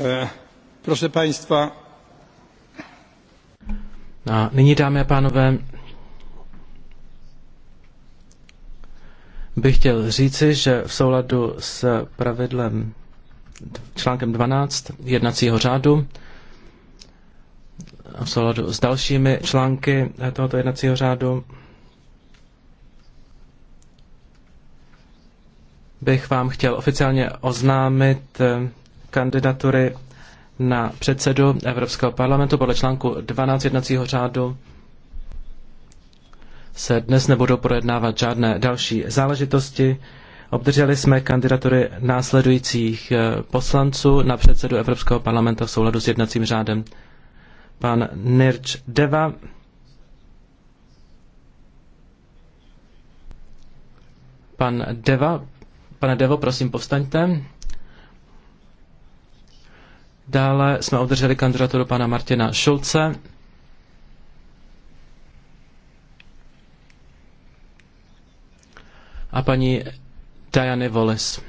Eh, proszę Państwa. No a nyní, dámy a pánové, bych chtěl říci, že v souladu s pravidlem článkem 12 jednacího řádu a v souladu s dalšími články tohoto jednacího řádu bych vám chtěl oficiálně oznámit eh, kandidatury na předsedu Evropského parlamentu podle článku 12 jednacího řádu se dnes nebudou projednávat žádné další záležitosti. Obdrželi jsme kandidatury následujících eh, poslanců na předsedu Evropského parlamentu v souladu s jednacím řádem. Pan Nirč Deva, pan Deva, pane Devo, prosím, povstaňte. Dále jsme obdrželi kandidaturu pana Martina Šulce. A paní Diany Wallis.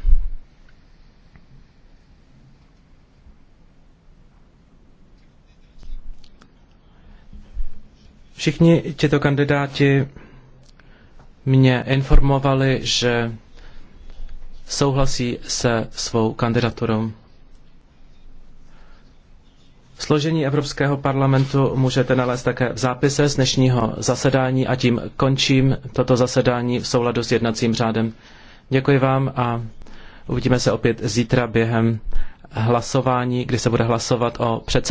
Všichni tito kandidáti mě informovali, že souhlasí se svou kandidaturou. Složení Evropského parlamentu můžete nalézt také v zápise z dnešního zasedání a tím končím toto zasedání v souladu s jednacím řádem. Děkuji vám a uvidíme se opět zítra během hlasování, kdy se bude hlasovat o předsedovi.